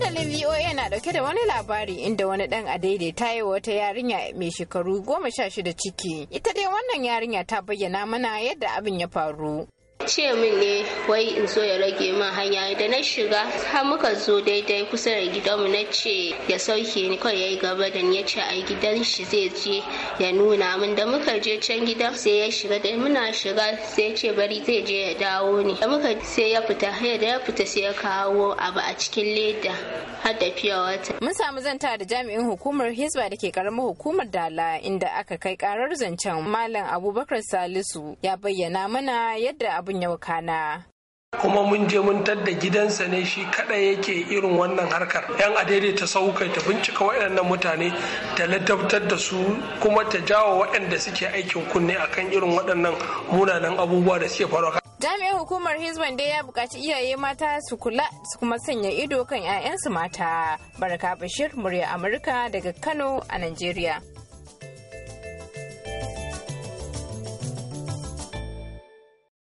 Dandalin VOA na dauke da wani labari inda wani dan a ta yi wata yarinya mai shekaru goma sha shida ciki. Ita dai wannan yarinya ta bayyana mana yadda abin ya faru. ce min ne wai in zo ya rage min hanya da na shiga har muka zo daidai kusa da gidanmu na ce ya sauke ni kawai ya yi gaba da ni ya ce a gidan shi zai je ya nuna min da muka je can gidan sai ya shiga da muna shiga sai ya ce bari zai je ya dawo ni da muka sai ya fita ya da ya fita sai ya kawo abu a cikin leda har da fiye wata. mun samu zanta da jami'in hukumar hisba da ke karamar hukumar dala inda aka kai karar zancen malam abubakar salisu ya bayyana mana yadda abu abin ya wakana. kuma mun je mun tadda gidansa ne shi kada yake irin wannan harkar yan a daidaita sauka ta bincika waɗannan mutane ta ladabtar da su kuma ta jawo waɗanda suke aikin kunne akan irin waɗannan munanan abubuwa da suke faruwa jami'in hukumar hizban dai ya buƙaci iyaye mata su kula su kuma sanya ido kan 'ya'yansu mata baraka bashir murya amurka daga kano a najeriya